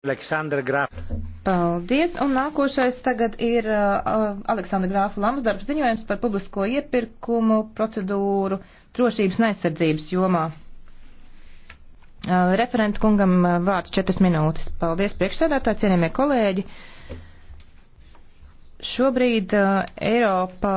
Aleksandra Grāfa. Paldies, un nākošais tagad ir uh, Aleksandra Grāfa Lamsdarbs ziņojums par publisko iepirkumu procedūru drošības un aizsardzības jomā. Uh, referenta kungam uh, vārds četras minūtes. Paldies, priekšsēdētāji, cienījamie kolēģi. Šobrīd uh, Eiropā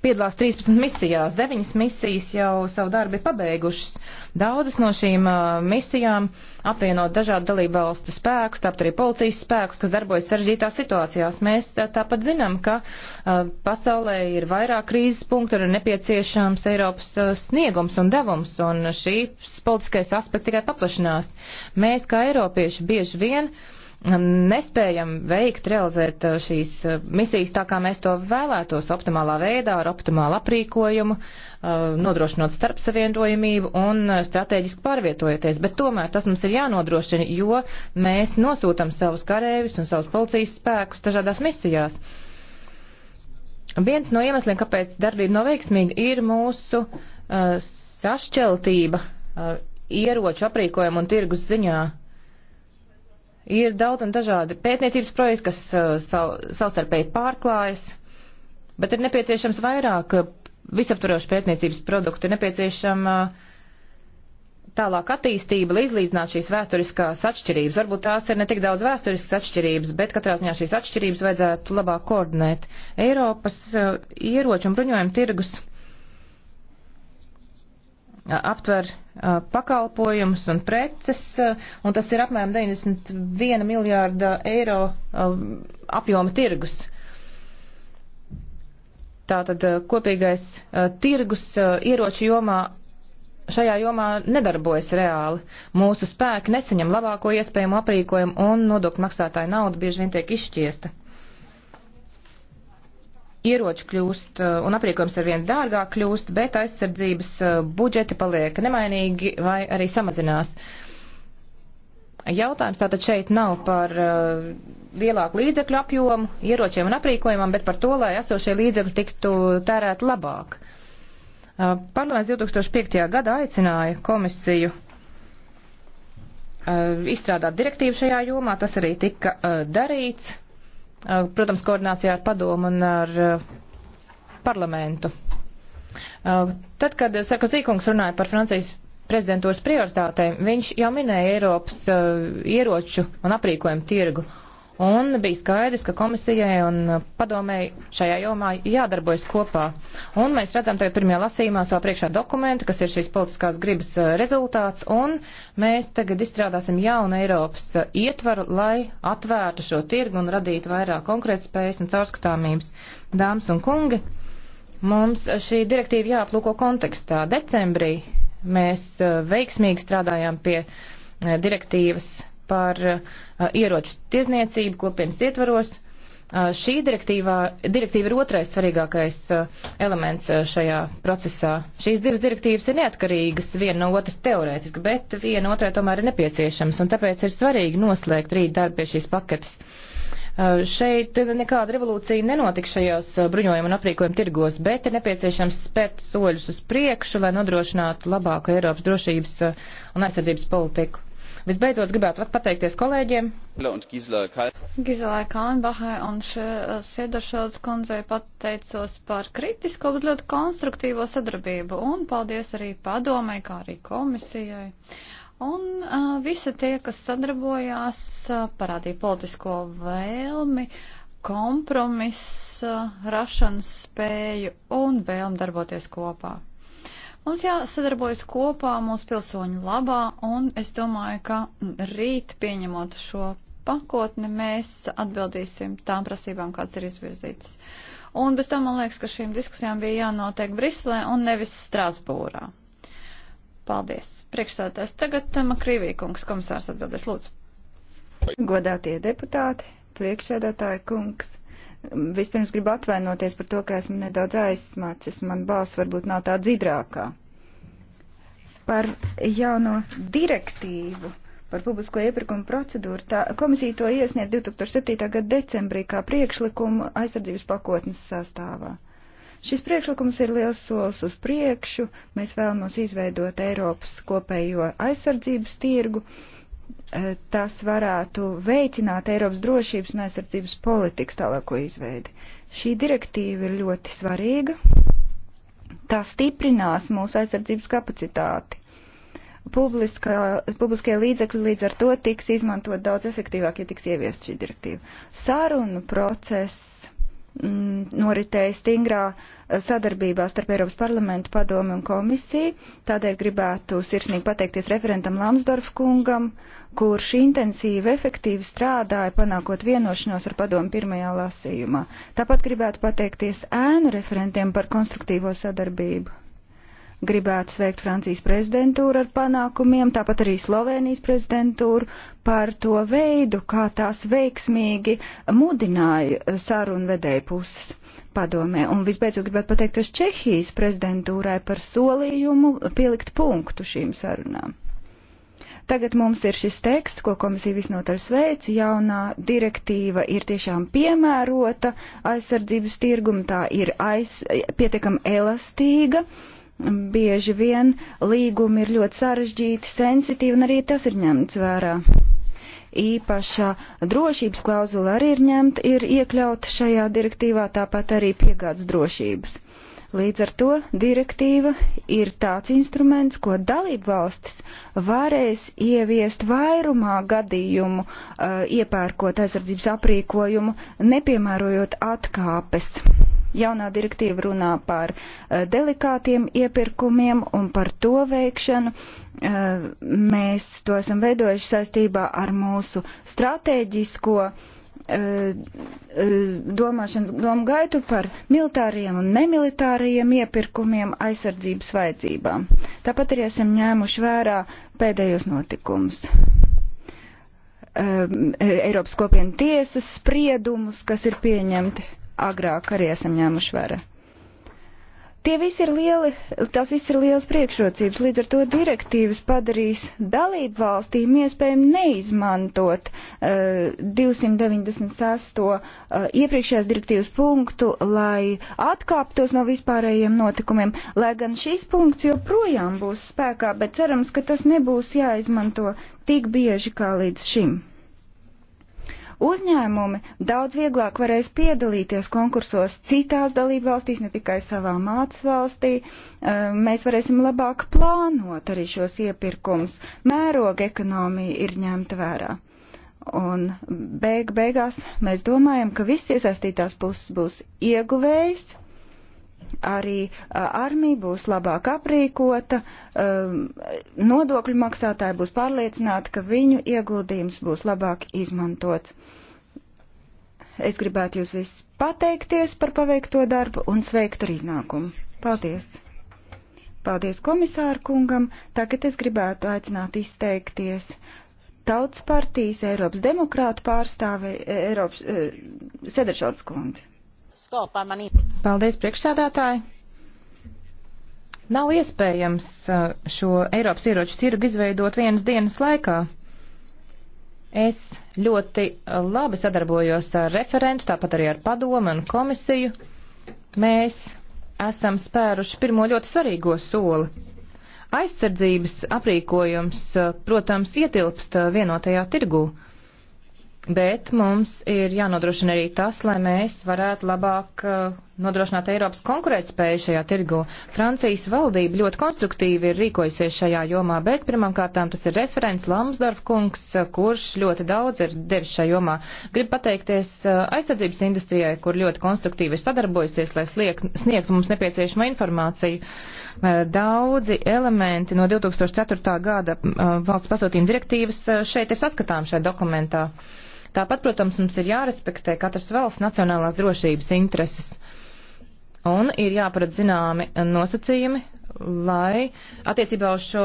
piedalās 13 misijās, 9 misijas jau savu darbu ir pabeigušas. Daudzas no šīm uh, misijām apvienot dažādu dalību valstu spēkus, tāpat arī policijas spēkus, kas darbojas sarežģītās situācijās. Mēs uh, tāpat zinām, ka uh, pasaulē ir vairāk krīzes punktu un ir nepieciešams Eiropas uh, sniegums un devums, un šīs politiskais aspekts tikai paplašinās. Mēs, kā Eiropieši, bieži vien uh, nespējam veikt, realizēt uh, šīs uh, misijas tā, kā mēs to vēlētos, optimālā veidā, ar optimālu aprīkojumu, uh, nodrošinot starpsavienojamību un strateģiski pārvietojoties. Bet tomēr tas mums ir jānodrošina, jo mēs nosūtam savus karēvis un savus policijas spēkus dažādās misijās. Viens no iemesliem, kāpēc darbība nav veiksmīga, ir mūsu uh, sašķeltība uh, ieroču aprīkojumu un tirgus ziņā. Uh, Ir daudz un dažādi pētniecības projekti, kas uh, sav, savstarpēji pārklājas, bet ir nepieciešams vairāk uh, visaptvarošu pētniecības produktu, ir nepieciešama uh, tālāk attīstība, lai izlīdzinātu šīs vēsturiskās atšķirības. Varbūt tās ir ne tik daudz vēsturiskas atšķirības, bet katrā ziņā šīs atšķirības vajadzētu labāk koordinēt. Eiropas ieroču un bruņojuma tirgus aptver Uh, pakalpojumus un preces, uh, un tas ir apmēram 91 miljārda eiro uh, apjoma tirgus. Tātad kopīgais tirgus ieroču jomā šajā jomā nedarbojas reāli. Mūsu spēki nesaņem labāko iespējamo aprīkojumu un nodokļu maksātāju naudu bieži vien tiek izšķiesta ieroči kļūst eh, un apriekojums ar vien dārgāk kļūst, bet aizsardzības eh, budžeti paliek nemainīgi vai arī samazinās. Jautājums tātad šeit nav par eh, lielāku līdzekļu apjomu, ieročiem un aprīkojumam, bet par to, lai esošie līdzekļi tiktu tērēt labāk. Parlaments 2005. gadā aicināja komisiju izstrādāt direktīvu šajā jomā, tas arī tika darīts Eh, protams, koordinācijā ar padomu un ar eh, parlamentu. Eh, tad, kad Sarkozī kungs runāja par Francijas prezidentūras prioritātēm, viņš jau minēja Eiropas ieroču un aprīkojumu tirgu. Un bija skaidrs, ka komisijai un padomēji šajā jomā jādarbojas kopā. Un mēs redzam tagad pirmajā lasījumā savu priekšā dokumentu, kas ir šīs politiskās gribas eh, rezultāts, un mēs tagad izstrādāsim jaunu Eiropas eh, ietvaru, lai atvērtu šo tirgu un radītu vairāk konkrētspējas un caurskatāmības. Dāmas un kungi, mums šī direktīva jāaplūko kontekstā. Decembrī mēs eh, veiksmīgi strādājām pie direktīvas par uh, ieroču tirzniecību kopienas ietvaros. Uh, šī direktīva ir otrais svarīgākais uh, elements šajā procesā. Šīs divas direktīvas ir neatkarīgas viena no otras teorētiski, bet viena otrai tomēr ir nepieciešams, un tāpēc ir svarīgi noslēgt rīt darbu pie šīs paketes. Šeit nekāda revolūcija nenotika šajos bruņojuma un aprīkojuma tirgos, bet ir nepieciešams spērt soļus uz priekšu, lai nodrošinātu labāku Eiropas drošības un aizsardzības politiku. Visbeidzot, gribētu pateikties kolēģiem. Gizelē Kalnbahai un Siedašauds kundzei pateicos par kritisko, bet ļoti konstruktīvo sadarbību un paldies arī padomai, kā arī komisijai. Un uh, visi tie, kas sadarbojās, uh, parādīja politisko vēlmi, kompromisa, uh, rašanas spēju un vēlmi darboties kopā. Mums jāsadarbojas kopā mūsu pilsoņu labā, un es domāju, ka rīt pieņemot šo pakotni, mēs atbildīsim tām prasībām, kāds ir izvirzītas. Un bez tam man liekas, ka šīm diskusijām bija jānotiek Briselē un nevis Strasbūrā. Paldies. Priekšstādātājs tagad eh, Makrīvīkungs, komisārs atbildēs, lūdzu. Godātie deputāti, priekšsēdētāji kungs, Vispirms gribu atvainoties par to, ka esmu nedaudz aizsmācis, man balss varbūt nav tā dzidrākā. Par jauno direktīvu par publisko iepirkumu procedūru tā, komisija to iesniedz 2007. gada decembrī kā priekšlikumu aizsardzības pakotnes sastāvā. Šis priekšlikums ir liels solis uz priekšu. Mēs vēlamies izveidot Eiropas kopējo aizsardzības tirgu. Uh, Eh, tas varētu veicināt Eiropas drošības un aizsardzības politikas tālāko izveidi. Šī direktīva ir ļoti svarīga. Tā stiprinās mūsu aizsardzības kapacitāti. Publiskā, publiskie līdzekļi līdz ar to tiks izmantot daudz efektīvāk, ja tiks ieviest šī direktīva. Sarunu process Mm, noritēja stingrā eh, sadarbībā starp Eiropas parlamentu padomi un komisiju. Tādēļ gribētu sirsnīgi pateikties referentam Lamsdorf kungam, kurš intensīvi, efektīvi strādāja, panākot vienošanos ar padomu pirmajā lasījumā. Tāpat gribētu pateikties ēnu referentiem par konstruktīvo sadarbību. Gribētu sveikt Francijas prezidentūru ar panākumiem, tāpat arī Slovenijas prezidentūru par to veidu, kā tās veiksmīgi mudināja sarunvedēju puses padomē. Un visbeidzot gribētu pateikties Čehijas prezidentūrai par solījumu pielikt punktu šīm sarunām. Tagad mums ir šis teksts, ko komisija visnotaļ sveic. Jaunā direktīva ir tiešām piemērota aizsardzības tirgum, tā ir aiz, pietiekami elastīga. Uh, Bieži vien līgumi ir ļoti sarežģīti, sensitīvi, un arī tas ir ņemts vērā. Īpašā drošības klauzula arī ir ņemta, ir iekļauta šajā direktīvā, tāpat arī piegādes drošības. Līdz ar to direktīva ir tāds instruments, ko dalību valstis varēs ieviest vairumā gadījumu, uh, iepērkot aizsardzības aprīkojumu, nepiemērojot atkāpes. Jaunā direktīva runā par uh, delikātiem iepirkumiem un par to veikšanu. Uh, mēs to esam veidojuši saistībā ar mūsu stratēģisko uh, Eh, eh, domāšanas domu gaitu par militāriem un nemilitāriem iepirkumiem aizsardzības vajadzībām. Tāpat arī esam ņēmuši vērā pēdējos notikumus. Eh, Eiropas kopienu tiesas spriedumus, kas ir pieņemti agrāk, arī esam ņēmuši vērā. Tie visi ir lieli, tās viss ir liels priekšrocības, līdz ar to direktīvas padarīs dalību valstīm iespējami neizmantot uh, 298 uh, iepriekšējās direktīvas punktu, lai atkāptos no vispārējiem notikumiem, lai gan šis punkts joprojām būs spēkā, bet cerams, ka tas nebūs jāizmanto tik bieži kā līdz šim. Uzņēmumi daudz vieglāk varēs piedalīties konkursos citās dalībvalstīs, ne tikai savā mācas valstī. Mēs varēsim labāk plānot arī šos iepirkums. Mēroga ekonomija ir ņemta vērā. Un beig beigās mēs domājam, ka viss iesaistītās puses būs ieguvējs Arī armija būs labāk aprīkota, nodokļu maksātāji būs pārliecināti, ka viņu ieguldījums būs labāk izmantots. Es gribētu jūs visus pateikties par paveikto darbu un sveikt ar iznākumu. Paldies! Paldies komisāru kungam. Tagad es gribētu aicināt izteikties Tautas partijas Eiropas demokrātu pārstāvi Eiropas eh, Sedaršalds kundzi. Paldies, priekšsādātāji! Nav iespējams uh, šo Eiropas ieroču tirgu izveidot vienas dienas laikā. Es ļoti uh, labi sadarbojos ar referentu, tāpat arī ar padomu un komisiju. Mēs esam spēruši pirmo ļoti svarīgo soli. Aizsardzības aprīkojums, uh, protams, ietilpst vienotajā tirgū. Bet mums ir jānodrošina arī tas, lai mēs varētu labāk uh, nodrošināt Eiropas konkurētspēju šajā tirgu. Francijas valdība ļoti konstruktīvi ir rīkojusies šajā jomā, bet pirmkārtām tas ir referents Lamsdorf kungs, uh, kurš ļoti daudz ir devis šajā jomā. Gribu pateikties uh, aizsardzības industrijai, kur ļoti konstruktīvi ir sadarbojusies, lai sniegtu mums nepieciešamo informāciju. Daudzi elementi no 2004. gada valsts pasūtījuma direktīvas šeit ir saskatām šajā dokumentā. Tāpat, protams, mums ir jārespektē katras valsts nacionālās drošības intereses. Un ir jāparedz zināmi nosacījumi, lai attiecībā uz šo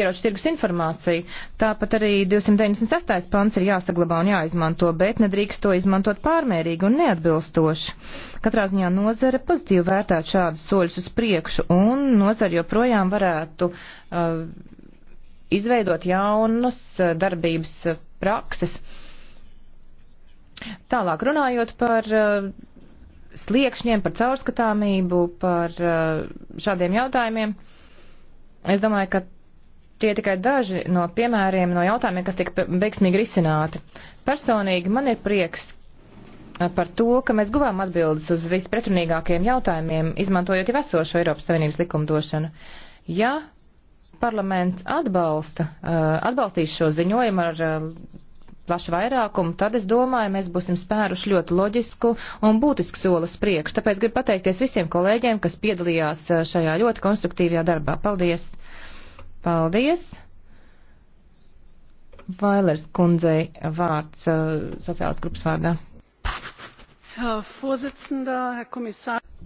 ieroču tirgus informāciju. Tāpat arī 296. pants ir jāsaglabā un jāizmanto, bet nedrīkst to izmantot pārmērīgi un neatbilstoši. Katrā ziņā nozare pozitīvi vērtētu šādus soļus uz priekšu, un nozare joprojām varētu uh, izveidot jaunas uh, darbības uh, prakses. Uh, Tālāk runājot par uh, sliekšņiem, par caurskatāmību, par uh, šādiem jautājumiem, es domāju, ka tie tikai daži no piemēriem, no jautājumiem, kas tika veiksmīgi risināti. Personīgi man ir prieks uh, par to, ka mēs guvām atbildes uz vispretrunīgākajiem jautājumiem, izmantojot jau esošo Eiropas Savienības likumdošanu. Ja parlaments atbalsta, atbalstīs šo ziņojumu ar plašu vairākumu, tad es domāju, mēs būsim spēruši ļoti loģisku un būtisku soli uz priekšu. Tāpēc gribu pateikties visiem kolēģiem, kas piedalījās eh, šajā ļoti konstruktīvajā darbā. Paldies! Paldies! Vailers kundzei vārds eh, sociālas grupas vārdā.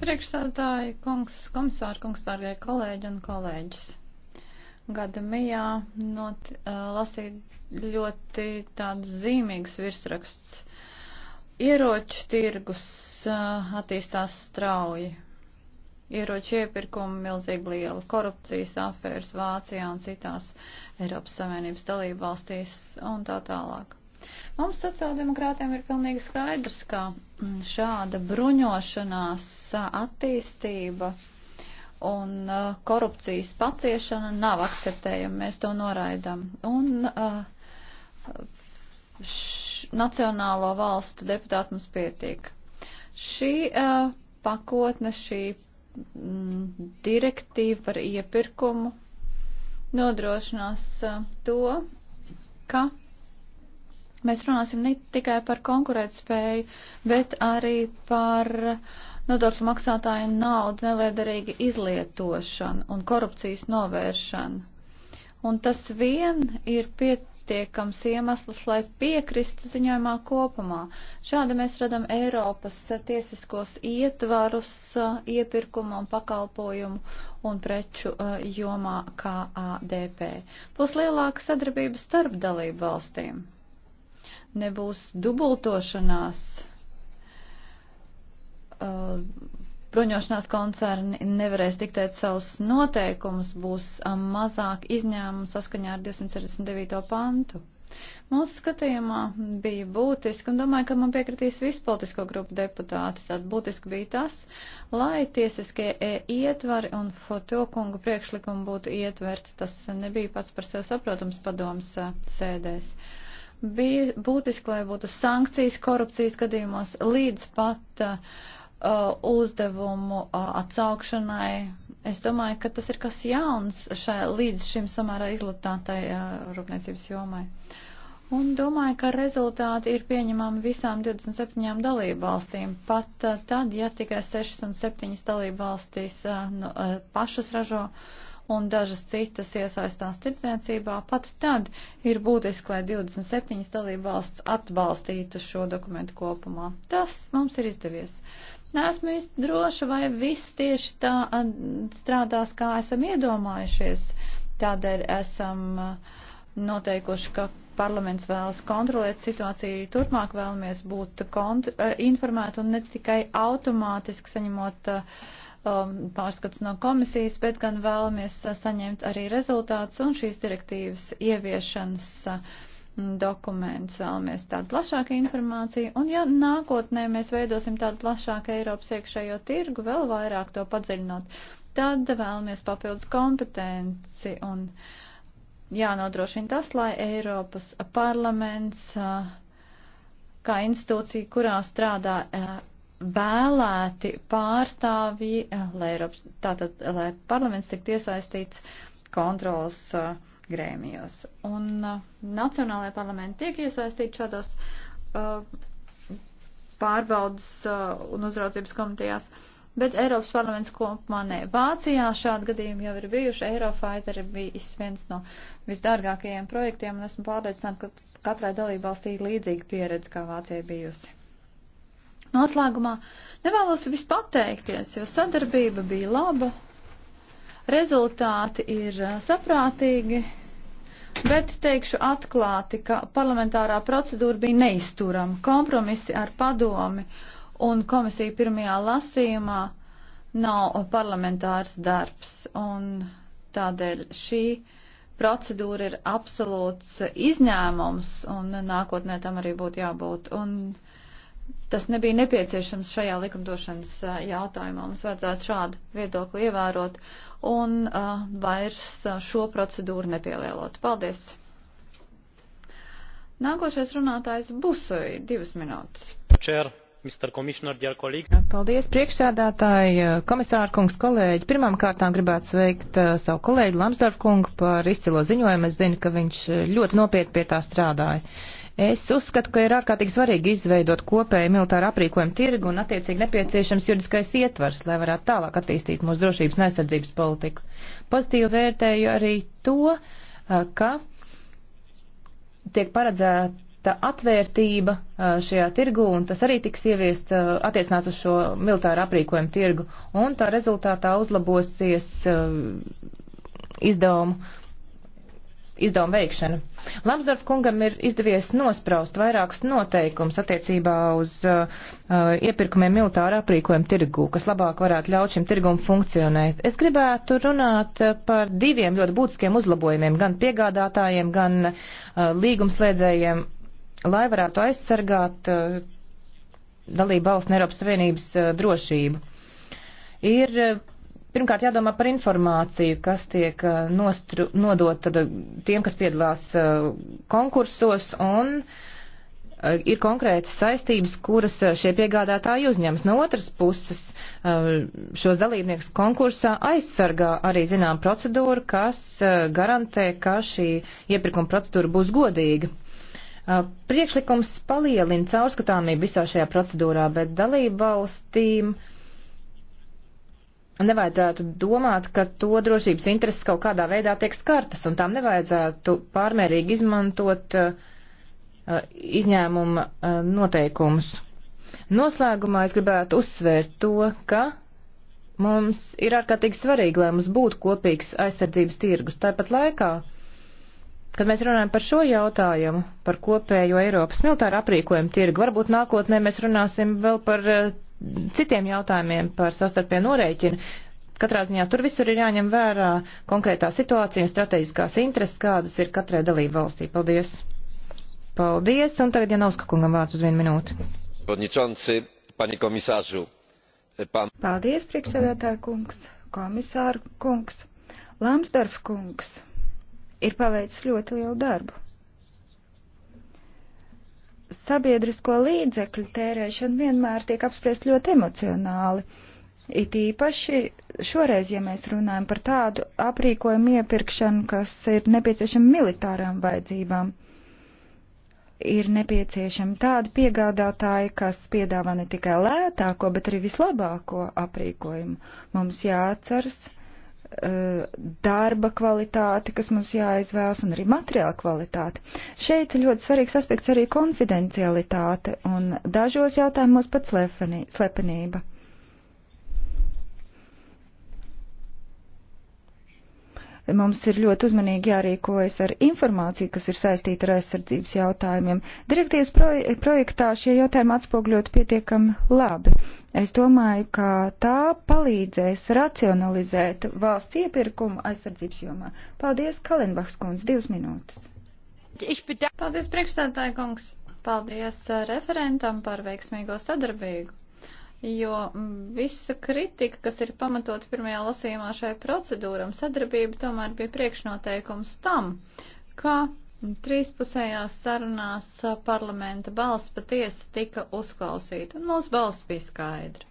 Priekšsēdētāji, kungs, komisāri, kungs, dārgie kolēģi un kolēģis gada mijā not, uh, lasīt ļoti tādus zīmīgus virsraksts. Ieroču tirgus uh, attīstās strauji. Ieroču iepirkumi milzīgi liela, korupcijas afēras Vācijā un citās Eiropas Savienības dalību valstīs un tā tālāk. Mums sociāldemokrātiem ir pilnīgi skaidrs, ka mm, šāda bruņošanās uh, attīstība uh, un uh, korupcijas paciešana nav akceptējama, mēs to noraidam. Un uh, š, nacionālo valstu deputāti mums pietiek. Šī uh, pakotne, šī mm, direktīva par iepirkumu nodrošinās uh, to, ka mēs runāsim ne tikai par konkurētspēju, bet arī par uh, nodokļu maksātājiem naudu nevēderīga izlietošana un korupcijas novēršana. Un tas vien ir pietiekams iemesls, lai piekristu ziņojumā kopumā. Šādi mēs redam Eiropas tiesiskos ietvarus iepirkumu un pakalpojumu un preču jomā KADP. Būs lielāka sadarbība starp dalību valstīm. Nebūs dubultošanās Uh, bruņošanās koncerni nevarēs diktēt savus noteikumus, būs um, mazāk izņēmumu saskaņā ar 269. pantu. Mūsu skatījumā bija būtiski, un domāju, ka man piekritīs visu politisko grupu deputāti, tad būtiski bija tas, lai tiesiskie e, ietvari un fotokungu priekšlikumi būtu ietverti. Tas nebija pats par sevi saprotams padoms e, sēdēs bija būtiski, lai būtu sankcijas korupcijas gadījumos līdz pat uh, Uh, uzdevumu uh, atsaukšanai. Es domāju, ka tas ir kas jauns šai līdz šim samērā izlutātai uh, rūpniecības jomai. Un domāju, ka rezultāti ir pieņemami visām 27 dalību valstīm, pat a, tad, ja tikai 6 un 7 dalību valstīs a, nu, a, pašas ražo un dažas citas iesaistās tirdzniecībā, pat tad ir būtiski, lai 27 dalību valsts atbalstītu šo dokumentu kopumā. Tas mums ir izdevies. Uh, Neesmu īsti droša, vai viss tieši tā strādās, kā esam iedomājušies. Tādēļ esam noteikuši, ka parlaments vēlas kontrolēt situāciju arī turpmāk, vēlamies būt informēti un ne tikai automātiski saņemot um, pārskats no komisijas, bet gan vēlamies saņemt arī rezultātus un šīs direktīvas ieviešanas. Uh, dokumentus, vēlamies tādu plašāku informāciju, un ja nākotnē mēs veidosim tādu plašāku Eiropas iekšējo tirgu, vēl vairāk to padziļinot, tad vēlamies papildus kompetenci un jānodrošina tas, lai Eiropas parlaments kā institūcija, kurā strādā vēlēti pārstāvji, lai, Eiropas, tātad, lai parlaments tiktu iesaistīts kontrols uh, grēmijos. Un uh, nacionālajie parlamenti tiek iesaistīti šādos uh, pārbaudas uh, un uzraudzības komitejās, bet Eiropas parlaments kopumā ne. Vācijā šādi gadījumi jau ir bijuši. Eurofighter ir bijis viens no visdārgākajiem projektiem, un esmu pārliecināta, ka katrai dalībvalstī ir līdzīga pieredze, kā Vācija bijusi. Noslēgumā nevēlos vispateikties, jo sadarbība bija laba, rezultāti ir uh, saprātīgi Bet teikšu atklāti, ka parlamentārā procedūra bija neizturama. Kompromisi ar padomi un komisiju pirmajā lasījumā nav parlamentārs darbs. Un tādēļ šī procedūra ir absolūts izņēmums un nākotnē tam arī būtu jābūt. Un tas nebija nepieciešams šajā likumdošanas jautājumā. Mums vajadzētu šādu viedokli ievērot un uh, vairs šo procedūru nepielielot. Paldies! Nākošais runātājs Busoji, divas minūtes. Čer. Paldies, priekšsēdētāji, komisāra kungs, kolēģi. Pirmām kārtām gribētu sveikt savu kolēģi Lamsdorf kungu par izcilo ziņojumu. Es zinu, ka viņš ļoti nopietni pie tā strādāja. Es uzskatu, ka ir ārkārtīgi svarīgi izveidot kopēju militāru aprīkojumu tirgu un attiecīgi nepieciešams juridiskais ietvars, lai varētu tālāk attīstīt mūsu drošības un aizsardzības politiku. Pozitīvi vērtēju arī to, ka tiek paredzēta tā atvērtība šajā tirgu, un tas arī tiks ieviests attiecināts uz šo militāru aprīkojumu tirgu, un tā rezultātā uzlabosies izdevumu izdevuma veikšana. Lamsdorf kungam ir izdevies nospraust vairākus noteikumus attiecībā uz uh, uh iepirkumiem militāra aprīkojuma tirgu, kas labāk varētu ļaut šim tirgum funkcionēt. Es gribētu runāt uh, par diviem ļoti būtiskiem uzlabojumiem gan piegādātājiem, gan uh, līgumslēdzējiem, lai varētu aizsargāt uh, dalību valsts un Eiropas Savienības uh, drošību. Ir uh, Pirmkārt, jādomā par informāciju, kas tiek uh, nostru, nodota uh, tiem, kas piedalās uh, konkursos, un ir konkrētas saistības, kuras šie piegādātāji uzņems. No otras puses, šos dalībniekus konkursā aizsargā arī zinām procedūra, kas garantē, ka šī iepirkuma procedūra būs godīga. Priekšlikums palielina caurskatāmību visā šajā procedūrā, bet dalību valstīm. Uh, nevajadzētu domāt, ka to drošības intereses kaut kādā veidā tiek skartas, un tām nevajadzētu pārmērīgi izmantot uh, izņēmuma uh, noteikumus. Noslēgumā es gribētu uzsvērt to, ka mums ir ārkārtīgi svarīgi, lai mums būtu kopīgs aizsardzības tirgus. Tāpat laikā, kad mēs runājam par šo jautājumu, par kopējo Eiropas militāru aprīkojumu tirgu, varbūt nākotnē mēs runāsim vēl par uh, citiem jautājumiem par sastarpie norēķinu. Katrā ziņā tur visur ir jāņem vērā konkrētā situācija un strateģiskās intereses, kādas ir katrai dalību valstī. Paldies! Paldies! Un tagad Janauska kungam vārds uz vienu minūti. Paldies, priekšsēdētāja kungs, komisāra kungs, Lamsdorf kungs ir paveicis ļoti lielu darbu sabiedrisko līdzekļu tērēšana vienmēr tiek apspriest ļoti emocionāli. It īpaši šoreiz, ja mēs runājam par tādu aprīkojumu iepirkšanu, kas ir nepieciešama militārām vajadzībām, ir nepieciešama tāda piegādātāja, kas piedāvā ne tikai lētāko, bet arī vislabāko aprīkojumu. Mums jāatceras, ka Eh, darba kvalitāti, kas mums jāizvēlas, un arī materiāla kvalitāti. Šeit ļoti svarīgs aspekts arī konfidencialitāte, un dažos jautājumos pat slepenība. Mums ir ļoti uzmanīgi jārīkojas ar informāciju, kas ir saistīta ar aizsardzības jautājumiem. Direktīvas proje projektā šie jautājumi atspogļot pietiekami labi. Es domāju, ka tā palīdzēs racionalizēt valsts iepirkumu aizsardzības jomā. Paldies, Kalinbachs kundze, divas minūtes. Paldies, priekšstādāja kungs. Paldies eh, referentam par veiksmīgo sadarbību jo visa kritika, kas ir pamatot pirmajā lasījumā šai procedūram, sadarbība tomēr bija priekšnoteikums tam, ka trīspusējās sarunās parlamenta balss patiesi tika uzklausīta, un mūsu balss bija skaidra.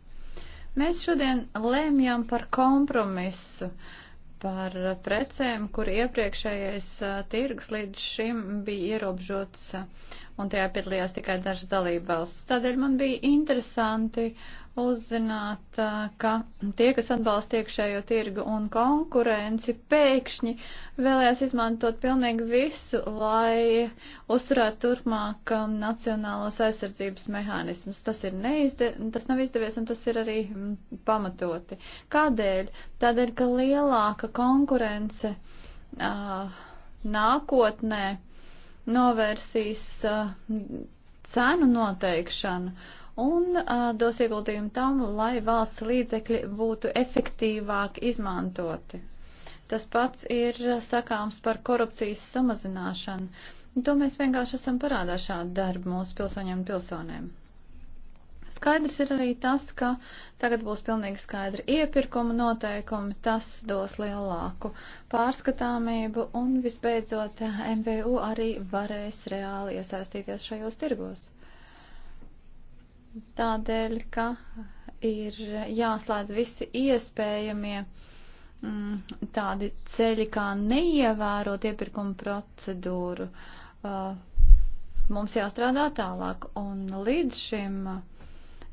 Mēs šodien lēmjam par kompromisu, par precēm, kur iepriekšējais tirgs līdz šim bija ierobežots, un tajā piedalījās tikai dažas dalībvalsts. Tādēļ man bija interesanti uh, uzzināt, ka tie, kas atbalsta iekšējo tirgu un konkurenci, pēkšņi vēlējās izmantot pilnīgi visu, lai uzturētu turpmāk nacionālos aizsardzības mehānismus. Tas, ir neizde, tas nav izdevies un tas ir arī pamatoti. Kādēļ? Tādēļ, ka lielāka konkurence uh, nākotnē novērsīs uh, cenu noteikšanu. Uh, un uh, dos ieguldījumu tam, lai valsts līdzekļi būtu efektīvāk izmantoti. Tas pats ir sakāms par korupcijas samazināšanu. To mēs vienkārši esam parādā šādu darbu mūsu pilsoņiem un pilsonēm. Skaidrs ir arī tas, ka tagad būs pilnīgi skaidri iepirkuma noteikumi, tas dos lielāku pārskatāmību un visbeidzot MVU arī varēs reāli iesaistīties šajos tirgos tādēļ, ka ir jāslēdz visi iespējamie mm, tādi ceļi, kā neievērot iepirkuma procedūru. Uh, mums jāstrādā tālāk, un līdz šim uh,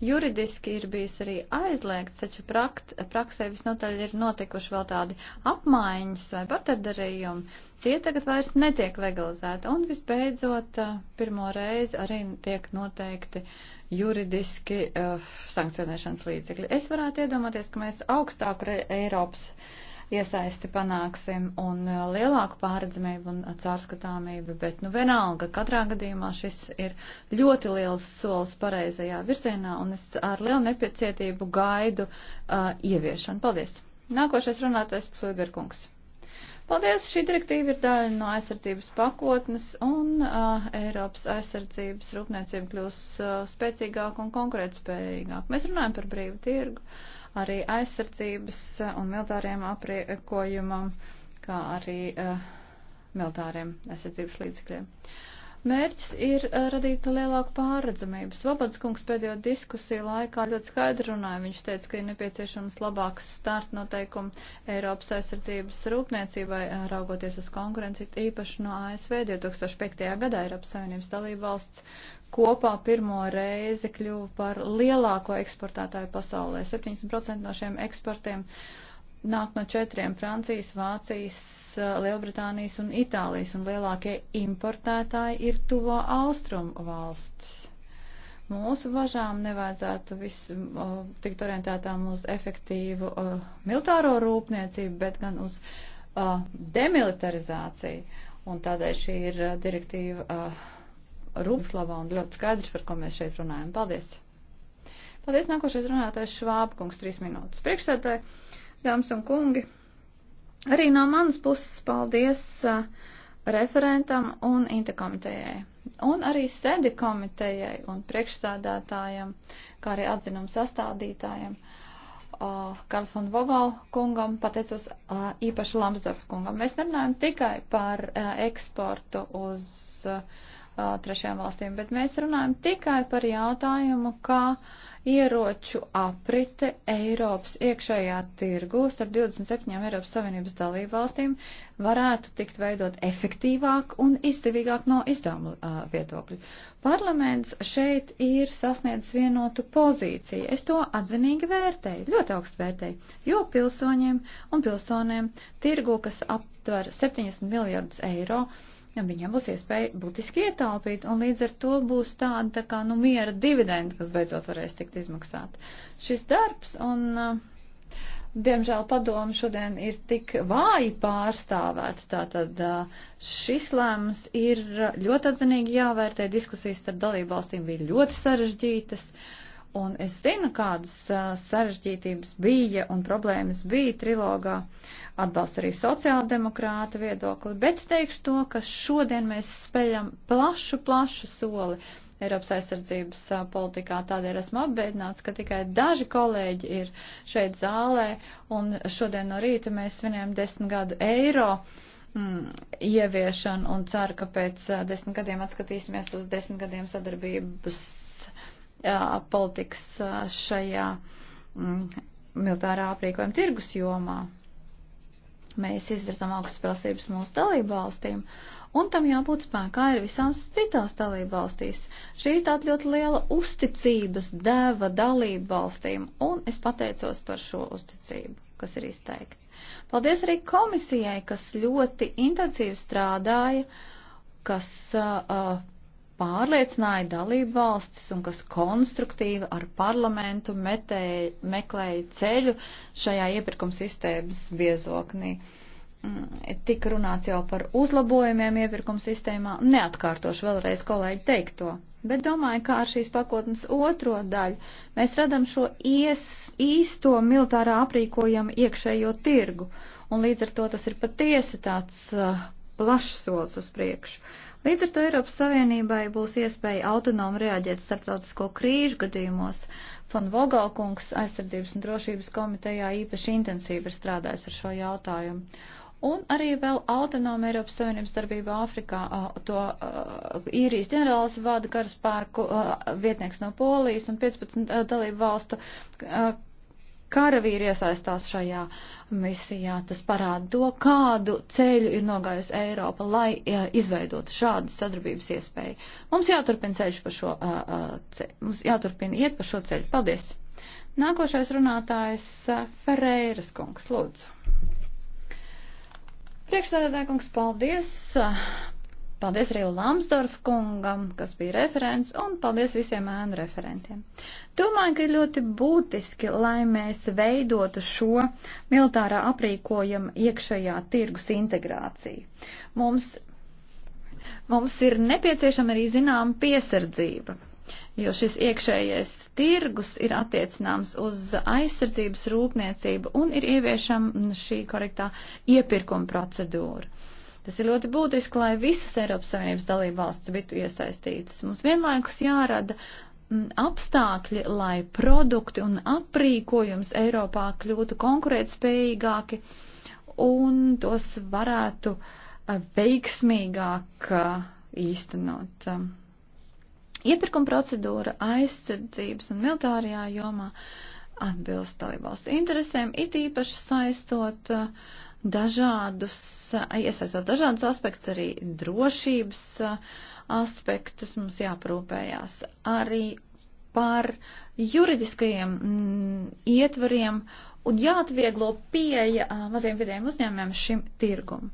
juridiski ir bijis arī aizliegts, taču prakt, praksē visnotaļ ir notikuši vēl tādi apmaiņas vai partnerdarījumi. Tie tagad vairs netiek legalizēti. Un visbeidzot, eh, pirmo reizi arī tiek noteikti juridiski uh, sankcionēšanas līdzekļi. Es varētu iedomāties, ka mēs augstāku Eiropas iesaisti panāksim un uh, lielāku pārredzamību un cārskatāmību, bet nu vienalga, katrā gadījumā šis ir ļoti liels solis pareizajā virzienā un es ar lielu nepacietību gaidu uh, ieviešanu. Paldies! Nākošais runātais Psuigerkungs. Paldies! Šī direktīva ir daļa no aizsardzības pakotnes, un uh, Eiropas aizsardzības rūpniecība kļūs uh, spēcīgāka un konkurētspējīgāka. Mēs runājam par brīvu tirgu, arī aizsardzības un militāriem apriekojumam, kā arī uh, militāriem aizsardzības līdzekļiem. Uh, Mērķis ir uh, radīt lielāku pārredzamību. Svabats kungs pēdējo diskusiju laikā ļoti skaidri runāja. Viņš teica, ka ir nepieciešams labāks starta noteikumi Eiropas aizsardzības rūpniecībai, uh, raugoties uz konkurenci, īpaši no ASV 2005. gadā Eiropas Savienības dalība valsts kopā pirmo reizi kļuva par lielāko eksportētāju pasaulē. 70% no šiem eksportiem uh, nāk no četriem - Francijas, Vācijas, eh, Lielbritānijas un Itālijas, un lielākie importētāji ir tuvo austrumu valsts. Mūsu važām nevajadzētu viss uh, eh, tikt orientētām uz efektīvu uh, militāro rūpniecību, bet gan uz uh, demilitarizāciju. Un tādēļ šī ir uh, direktīva uh, rūpslava un ļoti skaidrs, par ko mēs šeit runājam. Paldies! Paldies, nākošais runātājs Švābkungs, trīs minūtes. Priekšsēdētāji! Dāmas un kungi, arī no manas puses paldies referentam un interkomitejai, un arī sedi komitejai un priekšsādātājam, kā arī atzinumu sastādītājam. Karl von Vogel kungam, pateicos īpaši Lamsdorf kungam. Mēs nerunājam tikai par eksportu uz trešajām valstīm, bet mēs runājam tikai par jautājumu, kā ieroču aprite Eiropas iekšējā tirgū starp 27 Eiropas Savienības dalību valstīm varētu tikt veidot efektīvāk un izdevīgāk no izdevuma uh, viedokļa. Parlaments šeit ir sasniedzis vienotu pozīciju. Es to atzinīgi vērtēju, ļoti augstu vērtēju, jo pilsoņiem un pilsoniem tirgu, kas aptver 70 miljardus eiro, uh, viņiem būs iespēja būtiski ietaupīt, un līdz ar to būs tāda tā kā nu, miera dividenda, kas beidzot varēs tikt izmaksāt. Šis darbs un, uh, diemžēl, padomu šodien ir tik vāji pārstāvēts, tātad uh, šis lēmums ir ļoti atzinīgi jāvērtē, diskusijas starp dalību valstīm bija ļoti sarežģītas. Uh, Un es zinu, kādas sarežģītības bija un problēmas bija trilogā. Atbalstu arī sociāldemokrāta viedokli, bet teikšu to, ka šodien mēs spēļam plašu, plašu soli Eiropas aizsardzības politikā. Tādēļ esmu apbēdināts, ka tikai daži kolēģi ir šeit zālē, un šodien no rīta mēs svinējam desmit gadu eiro mm, ieviešanu un ceru, ka pēc desmit gadiem atskatīsimies uz desmit gadiem sadarbības politikas šajā mm, militārā aprīkojuma tirgus jomā. Mēs izvirzam augstas prasības mūsu dalību valstīm, un tam jābūt spēkā ir visās citās dalību valstīs. Šī ir tāda ļoti liela uzticības deva dalību valstīm, un es pateicos par šo uzticību, kas ir izteikta. Paldies arī komisijai, kas ļoti intensīvi strādāja, kas uh, pārliecināja dalību valstis un kas konstruktīvi ar parlamentu metēja, meklēja ceļu šajā iepirkums sistēmas biezoknī. Mm, Tik runāts jau par uzlabojumiem iepirkums sistēmā, neatkārtošu vēlreiz kolēģi teikto, bet domāju, ka ar šīs pakotnes otro daļu mēs radam šo ies, īsto militārā aprīkojumu iekšējo tirgu, un līdz ar to tas ir patiesi tāds uh, plašs solis uz priekšu. Uh, Līdz ar to Eiropas Savienībai būs iespēja autonomi reaģēt starptautisko krīžu gadījumos. Fon Vogalkungs aizsardzības un drošības komitejā īpaši intensīvi ir strādājis ar šo jautājumu. Un arī vēl autonoma Eiropas Savienības darbība Āfrikā, to īrijas ģenerālis vada karaspēku vietnieks no Polijas un 15 dalību valstu karavīri iesaistās šajā misijā. Tas parāda to, kādu ceļu ir nogājusi Eiropa, lai eh, izveidotu šādu sadarbības iespēju. Mums jāturpina ceļš pa šo eh, eh, ceļu. Mums jāturpina iet pa šo ceļu. Paldies! Nākošais runātājs Ferreiras kungs, lūdzu. Priekšstādātāja kungs, paldies Paldies arī Lamsdorf kungam, kas bija referents, un paldies visiem ēnu referentiem. Domāju, ka ir ļoti būtiski, lai mēs veidotu šo militārā aprīkojuma iekšējā tirgus integrāciju. Mums, mums ir nepieciešama arī zinām piesardzība, jo šis iekšējais tirgus ir attiecināms uz aizsardzības rūpniecību un ir ieviešama šī korektā iepirkuma procedūra Tas ir ļoti būtiski, lai visas Eiropas Savienības dalība valsts būtu iesaistītas. Mums vienlaikus jārada mm, apstākļi, lai produkti un aprīkojums Eiropā kļūtu konkurētspējīgāki un tos varētu veiksmīgāk īstenot. Iepirkuma procedūra aizsardzības un militārajā jomā atbilst dalībvalstu interesēm, it īpaši saistot uh, dažādus, eh, iesaistot dažādus aspektus, arī drošības eh, aspektus mums jāprūpējās arī par juridiskajiem mm, ietvariem un jāatvieglo pieeja eh, maziem vidējiem uzņēmumiem šim tirgum.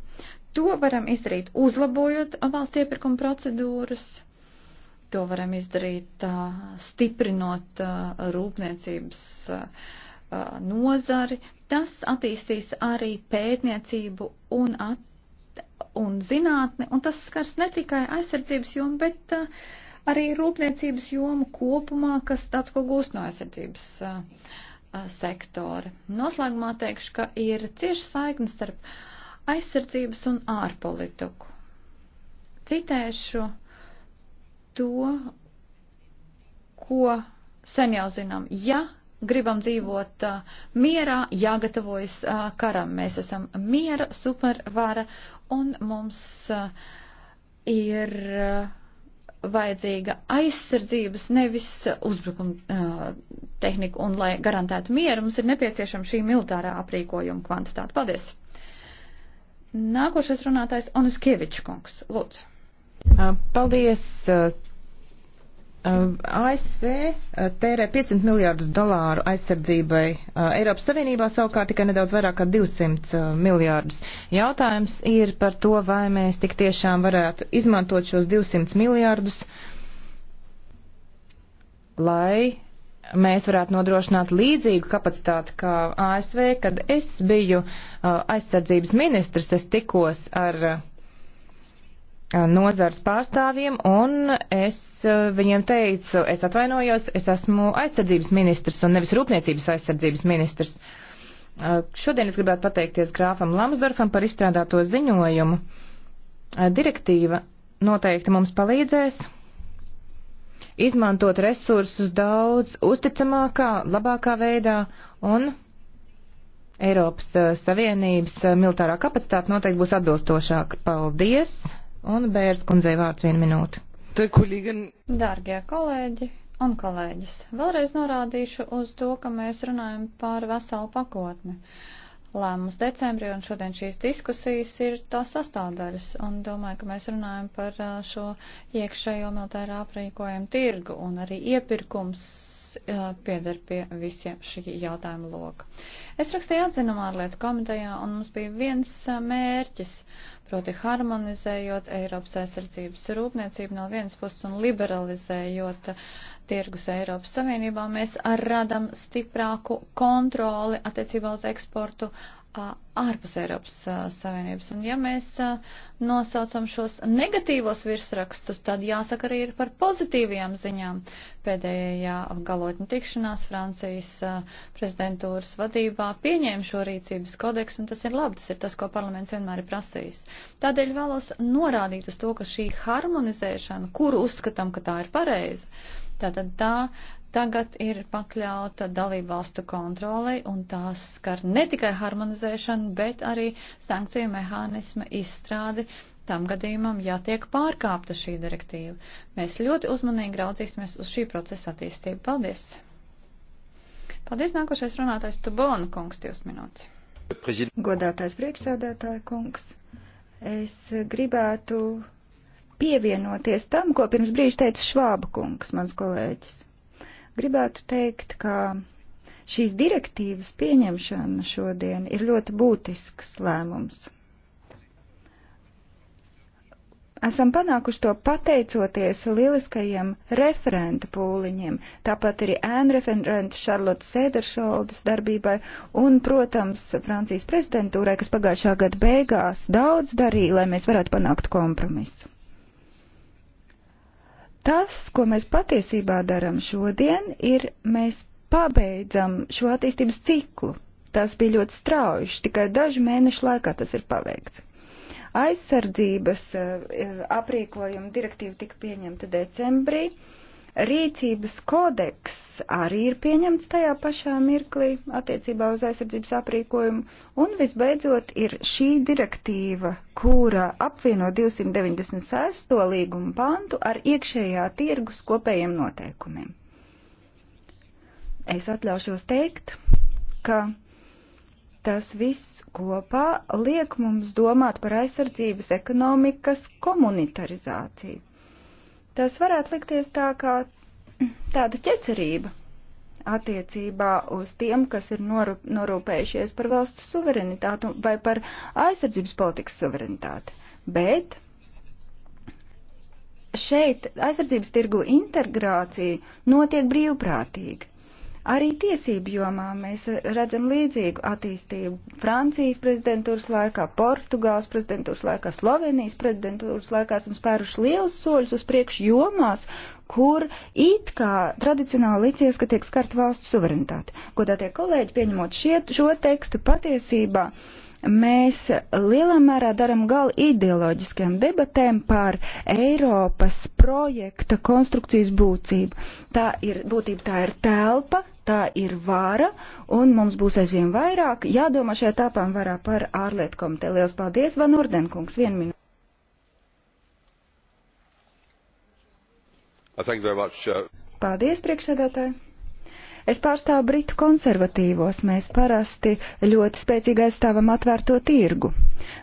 To varam izdarīt uzlabojot valsts iepirkuma procedūras, to varam izdarīt stiprinot rūpniecības uh, nozari, tas attīstīs arī pētniecību un, at, un zinātni, un tas skars ne tikai aizsardzības jomu, bet uh, arī rūpniecības jomu kopumā, kas tāds, ko gūst no aizsardzības uh, sektora. Noslēgumā teikšu, ka ir cieši saikne starp aizsardzības un ārpolitiku. Citēšu to, ko sen jau zinām. Ja gribam dzīvot uh, mierā, jāgatavojas uh, karam. Mēs esam miera supervara un mums uh, ir uh, vajadzīga aizsardzības, nevis uzbrukuma uh, tehnika. Un, lai garantētu mieru, mums ir nepieciešama šī militārā aprīkojuma kvantitāte. Paldies! Nākošais runātājs Oniskevičs kungs. Lūdzu. Uh, paldies! Uh, ASV tērē 500 miljārdus dolāru aizsardzībai, Eiropas Savienībā savukārt tikai nedaudz vairāk kā 200 miljārdus. Jautājums ir par to, vai mēs tik tiešām varētu izmantot šos 200 miljārdus, lai mēs varētu nodrošināt līdzīgu kapacitāti kā ASV, kad es biju aizsardzības ministrs, es tikos ar Eh, nozars pārstāvjiem, un es eh, viņiem teicu, es atvainojos, es esmu aizsardzības ministrs un nevis rūpniecības aizsardzības ministrs. Eh, šodien es gribētu pateikties grāfam Lamsdorfam par izstrādāto ziņojumu. Direktīva noteikti mums palīdzēs izmantot resursus daudz uzticamākā, labākā veidā, un Eiropas Savienības militārā kapacitāte noteikti būs atbilstošāka. Paldies! Un Bērs kundzei vārds vienu minūtu. Dārgie kolēģi un kolēģis, vēlreiz norādīšu uz to, ka mēs runājam par veselu pakotni. Lēmums decembrī un šodien šīs diskusijas ir tā sastāvdaļas, un domāju, ka mēs runājam par uh, šo iekšējo militāru aprīkojumu tirgu un arī iepirkums Eh, pieder pie visiem šī jautājuma loka. Es rakstīju atzinumā ārlietu komitejā, un mums bija viens eh, mērķis, proti harmonizējot Eiropas aizsardzības rūpniecību no vienas puses un liberalizējot eh, tirgus Eiropas Savienībā, mēs radam stiprāku kontroli attiecībā uz eksportu ārpus Eiropas Savienības. Un ja mēs nosaucam šos negatīvos virsrakstus, tad jāsaka arī ir par pozitīvajām ziņām. Pēdējā galotņa tikšanās Francijas prezidentūras vadībā pieņēma šo rīcības kodeksu, un tas ir labi, tas ir tas, ko parlaments vienmēr ir prasījis. Tādēļ vēlos norādīt uz to, ka šī harmonizēšana, kuru uzskatām, ka tā ir pareiza, tātad tā tagad ir pakļauta dalībvalstu kontrolei un tās skar ne tikai harmonizēšanu, bet arī sankciju mehānisma izstrādi tam gadījumam, ja tiek pārkāpta šī direktīva. Mēs ļoti uzmanīgi raudzīsimies uz šī procesa attīstību. Paldies! Paldies, nākošais runātājs Tubona kungs, 2 minūtes. Godātais priekšsēdētāja kungs, es gribētu pievienoties tam, ko pirms brīža teica Švāba kungs, mans kolēģis. Gribētu teikt, ka šīs direktīvas pieņemšana šodien ir ļoti būtisks lēmums. Esam panākuši to pateicoties lieliskajiem referenta pūliņiem, tāpat arī ēnu referenta Šarlotas Sēderšoldas darbībai un, protams, Francijas prezidentūrai, kas pagājušā gada beigās daudz darīja, lai mēs varētu panākt kompromisu. Tas, ko mēs patiesībā darām šodien, ir mēs pabeidzam šo attīstības ciklu. Tas bija ļoti strauji, tikai dažu mēnešu laikā tas ir paveikts. Aizsardzības eh, aprīkojuma direktīva tika pieņemta decembrī. Uh, Rīcības kodeks arī ir pieņemts tajā pašā mirklī attiecībā uz aizsardzības aprīkojumu, un visbeidzot ir šī direktīva, kura apvieno 296. līguma pantu ar iekšējā tirgus kopējiem noteikumiem. Es atļaušos teikt, ka tas viss kopā liek mums domāt par aizsardzības ekonomikas komunitarizāciju Tas varētu likties tā kā tāda ķecerība attiecībā uz tiem, kas ir norup, norūpējušies par valsts suverenitātu vai par aizsardzības politikas suverenitāti. Bet šeit aizsardzības tirgu integrācija notiek brīvprātīgi. Arī tiesību jomā mēs redzam līdzīgu attīstību Francijas prezidentūras laikā, Portugāles prezidentūras laikā, Slovenijas prezidentūras laikā esam spēruši liels soļus uz priekšu jomās, kur it kā tradicionāli licies, ka tiek skart valstu suverenitāte. Ko tā tie kolēģi pieņemot šiet, šo tekstu patiesībā? Mēs lielā mērā daram galu ideoloģiskiem debatēm par Eiropas projekta konstrukcijas būtību. Tā ir būtība, tā ir telpa, tā ir vāra, un mums būs aizvien vairāk jādomā šajā tāpām varā par ārlietu komiteju. Lielas paldies, Van Ordenkungs, vienu minūti. Uh, paldies, priekšsēdētāji! Es pārstāvu Britu konservatīvos, mēs parasti ļoti spēcīgi aizstāvam atvērto tirgu.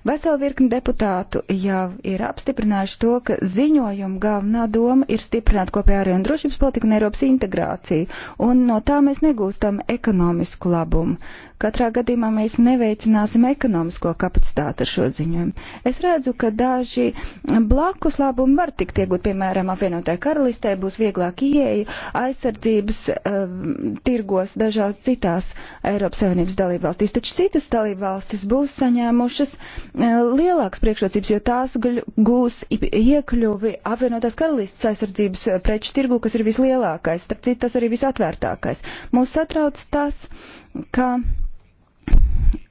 Vesela virkni deputātu jau ir apstiprinājuši to, ka ziņojuma galvenā doma ir stiprināt kopējā arī un drošības politiku un Eiropas integrāciju, un no tā mēs negūstam ekonomisku labumu. Katrā gadījumā mēs neveicināsim ekonomisko kapacitāti ar šo ziņojumu. Es redzu, ka daži blakus labumi var tikt iegūt, piemēram, apvienotā karalistē būs vieglāk ieeja aizsardzības uh, tirgos dažās citās Eiropas Savienības dalībvalstīs, taču citas dalībvalstis būs saņēmušas lielākas priekšrocības, jo tās gūs iekļuvi apvienotās karalistas aizsardzības eh, preču tirgu, kas ir vislielākais, starp citu tas arī visatvērtākais. Mūs satrauc tas, ka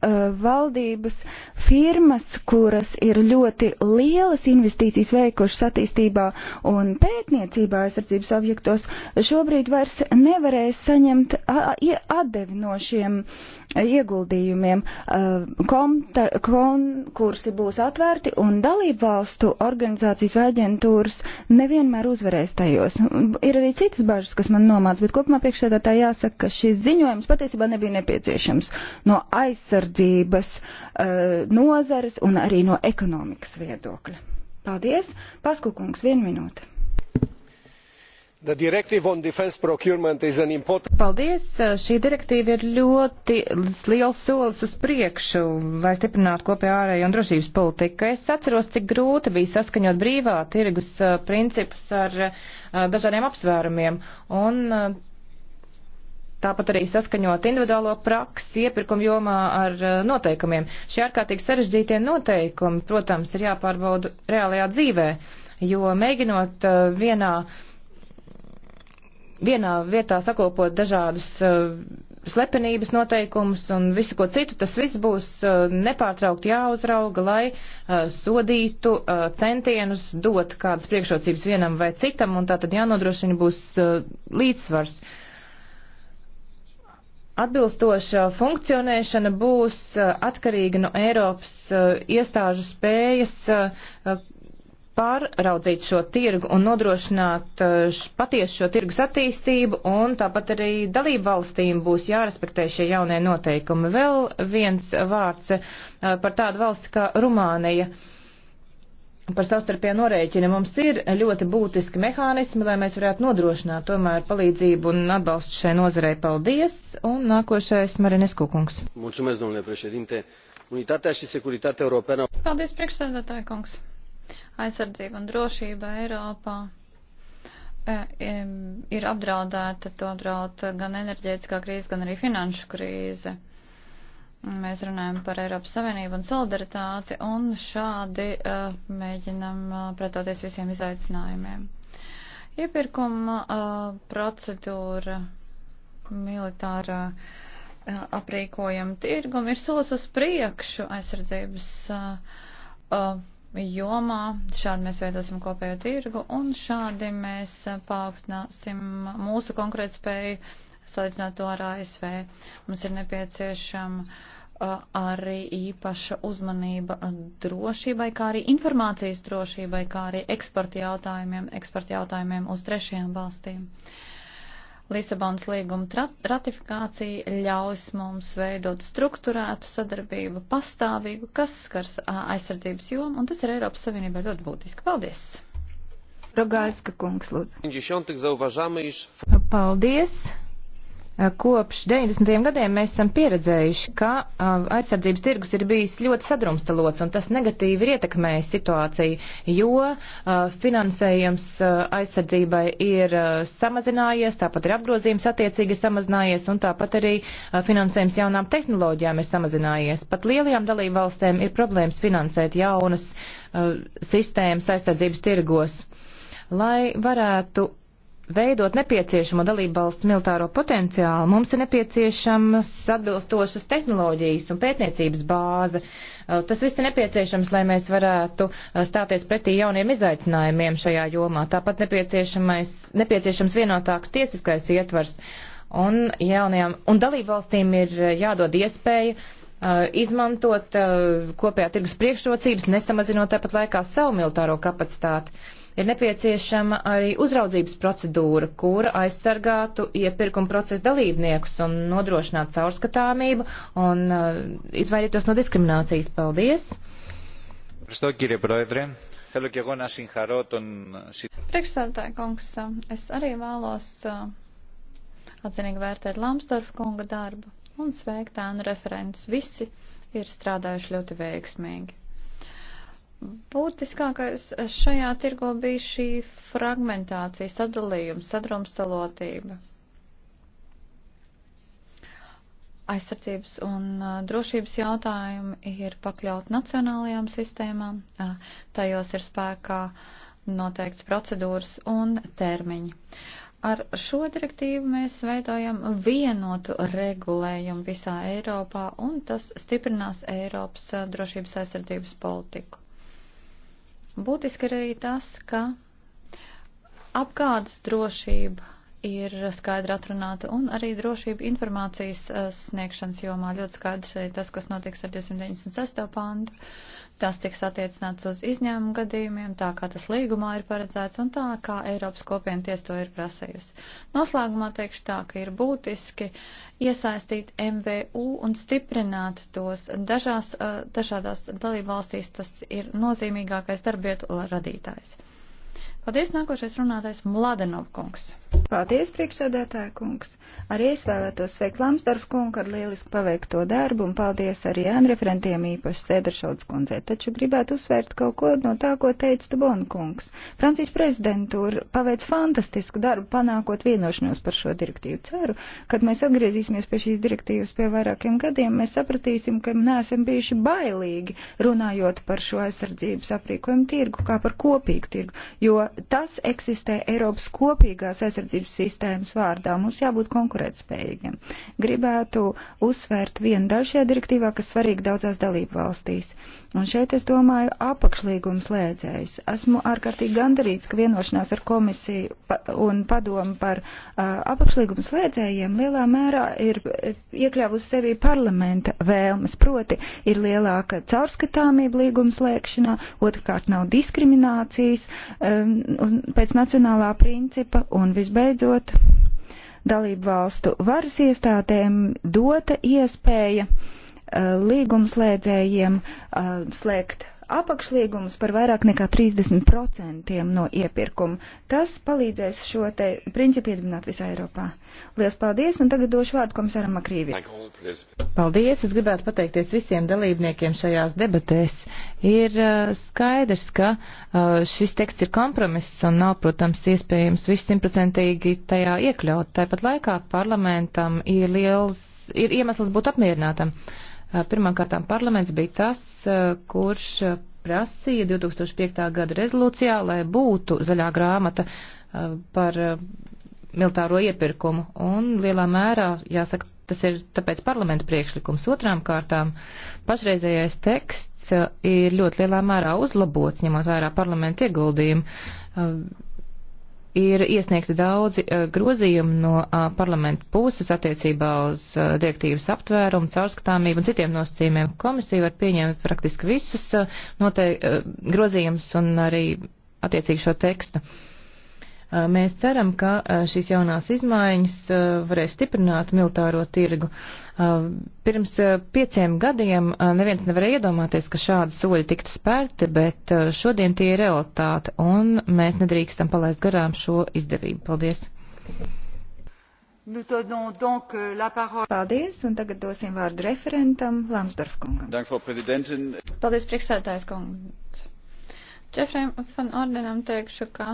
Uh, valdības firmas, kuras ir ļoti lielas investīcijas veikušas attīstībā un pētniecībā aizsardzības objektos, šobrīd vairs nevarēs saņemt atdevi no šiem ieguldījumiem. Uh, konta, konkursi būs atvērti un dalību valstu organizācijas vai aģentūras nevienmēr uzvarēs tajos. Ir arī citas bažas, kas man nomāca, bet kopumā priekšsēdētā jāsaka, ka šis ziņojums patiesībā nebija nepieciešams. No aizsardzības aizsardzības eh, nozares un arī no ekonomikas viedokļa. Paldies! Paskukungs, vienu minūti. Important... Paldies! Šī direktīva ir ļoti liels solis uz priekšu, lai stiprinātu kopējā ārēju un drošības politiku. Es atceros, cik grūti bija saskaņot brīvā tirgus eh, principus ar eh, dažādiem apsvērumiem. Un tāpat arī saskaņot individuālo praksi iepirkumu jomā ar eh, noteikumiem. Šie ārkārtīgi sarežģītie noteikumi, protams, ir jāpārbauda reālajā dzīvē, jo mēģinot eh, vienā, vienā vietā sakopot dažādus eh, slepenības noteikumus un visu ko citu, tas viss būs nepārtraukti jāuzrauga, lai sodītu centienus dot kādas priekšrocības vienam vai citam, un tā tad jānodrošina būs līdzsvars. Atbilstoša funkcionēšana būs uh, atkarīga no Eiropas uh, iestāžu spējas uh, pārraudzīt šo tirgu un nodrošināt patiesu šo tirgus attīstību, un tāpat arī dalību valstīm būs jārespektē šie jaunie noteikumi. Vēl viens vārds par tādu valsti kā Rumānija par savstarpēju norēķinu mums ir ļoti būtiski mehānismi, lai mēs varētu nodrošināt tomēr palīdzību un atbalstu šai nozarei. Paldies! Un nākošais Marines Kukungs. Mulțumesc, domnule președinte. Unitatea și securitatea europeană. Paldies, priekšsēdētāji kungs. Aizsardzība un drošība Eiropā e, e, ir apdraudēta, to apdraud gan enerģētiskā krīze, gan arī finanšu krīze. Mēs runājam par Eiropas Savienību un solidaritāti un šādi uh, mēģinam uh, pretoties visiem izaicinājumiem. Iepirkuma uh, procedūra, militārā uh, aprīkojuma tirguma ir solis uz priekšu aizsardzības uh, uh, jomā. Šādi mēs veidosim kopējo tirgu un šādi mēs uh, paaugstināsim mūsu konkrētspēju. spēju salīdzinot to ar ASV. Mums ir nepieciešama uh, arī īpaša uzmanība uh, drošībai, kā arī informācijas drošībai, kā arī eksporta jautājumiem, eksporta jautājumiem uz trešajām valstīm. Lisabonas līguma ratifikācija ļaus mums veidot struktūrētu sadarbību pastāvīgu, kas skars uh, aizsardzības jomu, un tas ir Eiropas Savienībai ļoti būtiski. Paldies! Rogalska kungs, lūdzu. Paldies! Kopš 90. gadiem mēs esam pieredzējuši, ka aizsardzības tirgus ir bijis ļoti sadrumstalots, un tas negatīvi ir ietekmējis situāciju, jo finansējums aizsardzībai ir samazinājies, tāpat ir apgrozījums attiecīgi samazinājies, un tāpat arī finansējums jaunām tehnoloģijām ir samazinājies. Pat lielajām dalībvalstēm ir problēmas finansēt jaunas sistēmas aizsardzības tirgos. Lai varētu veidot nepieciešamo dalībvalstu militāro potenciālu, mums ir nepieciešamas atbilstošas tehnoloģijas un pētniecības bāze. Uh, tas viss ir nepieciešams, lai mēs varētu uh, stāties pretī jauniem izaicinājumiem šajā jomā. Tāpat nepieciešams vienotāks tiesiskais ietvars. Un, jaunajām, un dalībvalstīm ir uh, jādod iespēja izmantot kopējā tirgus priekšrocības, nesamazinot tāpat laikā savu militāro kapacitāti ir nepieciešama arī uzraudzības procedūra, kura aizsargātu iepirkuma procesa dalībniekus un nodrošinātu caurskatāmību un uh, izvairītos no diskriminācijas. Paldies! Priekšsēdētāji kungs, es arī vēlos atzinīgi vērtēt Lamsdorfa kunga darbu un sveikt ēnu referents. Visi ir strādājuši ļoti veiksmīgi. Būtiskākais šajā tirgo bija šī fragmentācija, sadalījums, sadrumstalotība. Aizsardzības un drošības jautājumi ir pakļaut nacionālajām sistēmām, tajos ir spēkā noteikts procedūras un termiņi. Ar šo direktīvu mēs veidojam vienotu regulējumu visā Eiropā, un tas stiprinās Eiropas drošības aizsardzības politiku. Būtiski ir arī tas, ka apgādes drošība ir skaidri atrunāta un arī drošība informācijas eh, sniegšanas jomā ļoti skaidrs arī tas, kas notiks ar 296. pantu. Tas tiks attiecināts uz izņēmumu gadījumiem, tā kā tas līgumā ir paredzēts un tā kā Eiropas kopiena ties to ir prasējusi. Noslēgumā teikšu tā, ka ir būtiski iesaistīt MVU un stiprināt tos dažās, eh, dažādās dalībvalstīs. Tas ir nozīmīgākais darbietu radītājs. Paldies, nākošais runātais Mladenov kungs. Paldies, priekšsēdētāja kungs. Arī es vēlētos sveikt Lamsdorf kungu ar lielisku paveikto darbu un paldies arī Anreferentiem īpaši Sēderšaudas kundzē. Taču gribētu uzsvērt kaut ko no tā, ko teica Dubon kungs. Francijas prezidentūra paveic fantastisku darbu panākot vienošanos par šo direktīvu. Ceru, kad mēs atgriezīsimies pie šīs direktīvas pie vairākiem gadiem, mēs sapratīsim, ka neesam bijuši bailīgi runājot par šo aizsardzības aprīkojumu tirgu kā par kopīgu tirgu, jo tas eksistē Eiropas kopīgās aizsardzības tirzniecības sistēmas vārdā. Mums jābūt konkurētspējīgiem. Gribētu uzsvērt vienu daļu šajā direktīvā, kas svarīga daudzās dalību valstīs. Un šeit es domāju apakšlīgums lēdzējs. Esmu ārkārtīgi gandarīts, ka vienošanās ar komisiju un padomu par uh, apakšlīgums lēdzējiem lielā mērā ir iekļāvusi sevī parlamenta vēlmes. Proti ir lielāka caurskatāmība līgums lēkšanā, otrkārt nav diskriminācijas um, pēc nacionālā principa un visbeidzot Visbeidzot, dalību valstu varas iestādēm dota iespēja eh, līgumslēdzējiem eh, slēgt apakšliegumus par vairāk nekā 30% no iepirkuma. Tas palīdzēs šo te principu iedibināt visā Eiropā. Lielas paldies, un tagad došu vārdu komisāram Makrīvi. Paldies, es gribētu pateikties visiem dalībniekiem šajās debatēs. Ir uh, skaidrs, ka uh, šis teksts ir kompromiss un nav, protams, iespējams visu simtprocentīgi tajā iekļaut. Tāpat laikā parlamentam ir liels, ir iemesls būt apmierinātam. Uh, Pirmkārtām parlaments bija tas, kurš prasīja 2005. gada rezolūcijā, lai būtu zaļā grāmata par militāro iepirkumu. Un lielā mērā, jāsaka, tas ir tāpēc parlamenta priekšlikums. Otrām kārtām pašreizējais teksts ir ļoti lielā mērā uzlabots, ņemot vērā parlamenta ieguldījumu ir iesniegti daudzi eh, grozījumi no eh, parlamenta puses attiecībā uz eh, direktīvas aptvērumu, caurskatāmību un citiem nosacījumiem. Komisija var pieņemt praktiski visus grozījums un arī attiecīgi šo tekstu. Mēs ceram, ka šīs jaunās izmaiņas varēs stiprināt militāro tirgu. Pirms pieciem gadiem neviens nevarēja iedomāties, ka šādi soļi tiktu spērti, bet šodien tie ir realitāte, un mēs nedrīkstam palaist garām šo izdevību. Paldies! Paldies, un tagad dosim vārdu referentam Lamsdorf kungam. Paldies, priekšsētājs kungs. Džefrem van Ordenam teikšu, ka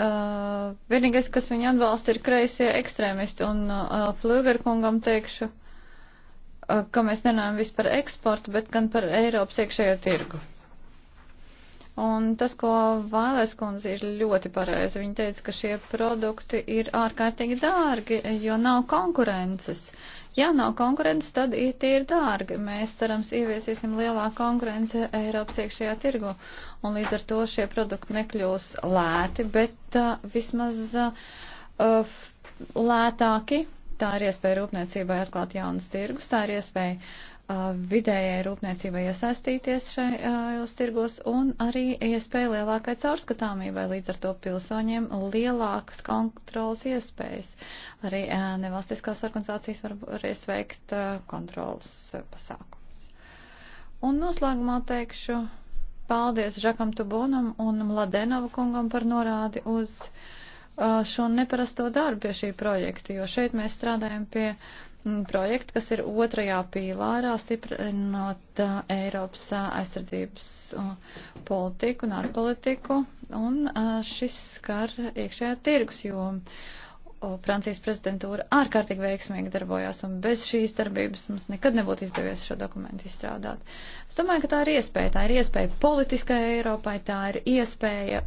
Uh, vienīgais, kas viņu atbalsta, ir kreisie ekstrēmisti. Un uh, Flügerkungam teikšu, uh, ka mēs nenājam vispār eksportu, bet gan par Eiropas iekšējo tirgu. Un tas, ko Vailēs kundze ir ļoti pareizi, viņa teica, ka šie produkti ir ārkārtīgi dārgi, jo nav konkurences. Uh, Ja nav konkurences, tad IT ir dārgi. Mēs cerams ieviesīsim lielāku konkurenci Eiropas iekšējā tirgu. Un līdz ar to šie produkti nekļūs lēti, bet uh, vismaz uh, lētāki. Tā ir iespēja rūpniecībai atklāt jaunas tirgus, tā ir iespēja vidējai rūpniecībai iesaistīties šajos tirgos un arī iespēja lielākai caurskatāmībai, līdz ar to pilsoņiem lielākas kontrolas iespējas. Arī nevalstiskās organizācijas varēs veikt kontrolas pasākums. Un noslēgumā teikšu paldies Žakam Tubonam un Mladenovu kungam par norādi uz šo neparasto darbu pie šī projekta, jo šeit mēs strādājam pie uh, Mm, projektu, kas ir otrajā pīlārā stiprinot uh, Eiropas uh, aizsardzības uh, politiku un ārpolitiku, un šis skar iekšējā tirgus, jo Francijas prezidentūra ārkārtīgi veiksmīgi darbojās, un bez šīs darbības mums nekad nebūtu izdevies šo dokumentu izstrādāt. Es domāju, ka tā ir iespēja, tā ir iespēja politiskai Eiropai, tā ir iespēja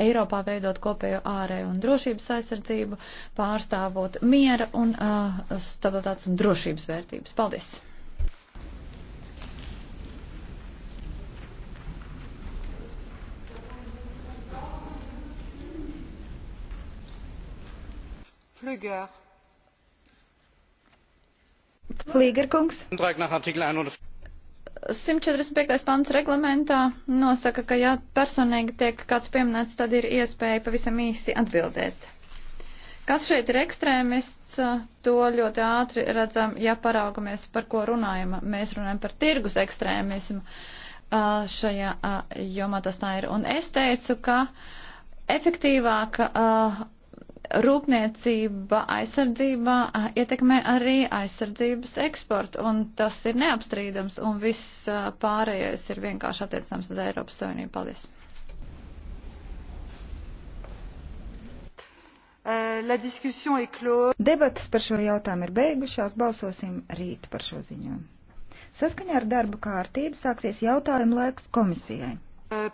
Eiropā veidot kopējo ārēju un drošības aizsardzību, pārstāvot miera un uh, stabilitātes un drošības vērtības. Paldies! Flieger. Fliegerkungs. 145. pants reglamentā nosaka, ka ja personīgi tiek kāds pieminēts, tad ir iespēja pavisam īsi atbildēt. Kas šeit ir ekstrēmists, to ļoti ātri redzam, ja paraugamies, par ko runājam. Mēs runājam par tirgus ekstrēmismu šajā jomā tas tā ir. Un es teicu, ka efektīvāka Rūpniecība aizsardzībā ietekmē arī aizsardzības eksportu, un tas ir neapstrīdams, un viss pārējais ir vienkārši attiecams uz Eiropas Savienību. Paldies! Uh, Debatas par šo jautājumu ir beigušās, balsosim rīt par šo ziņojumu. Saskaņā ar darba kārtību sāksies jautājumu laiks komisijai. Uh,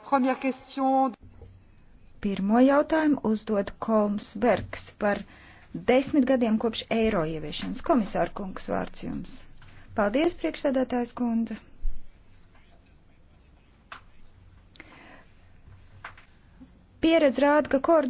Pirmo jautājumu uzdod Kolms Bergs par desmit gadiem kopš eiro ieviešanas. Komisāra kungs vārds jums. Paldies, priekšsēdētājs kundze. Pieredze rāda, ka koordinācija.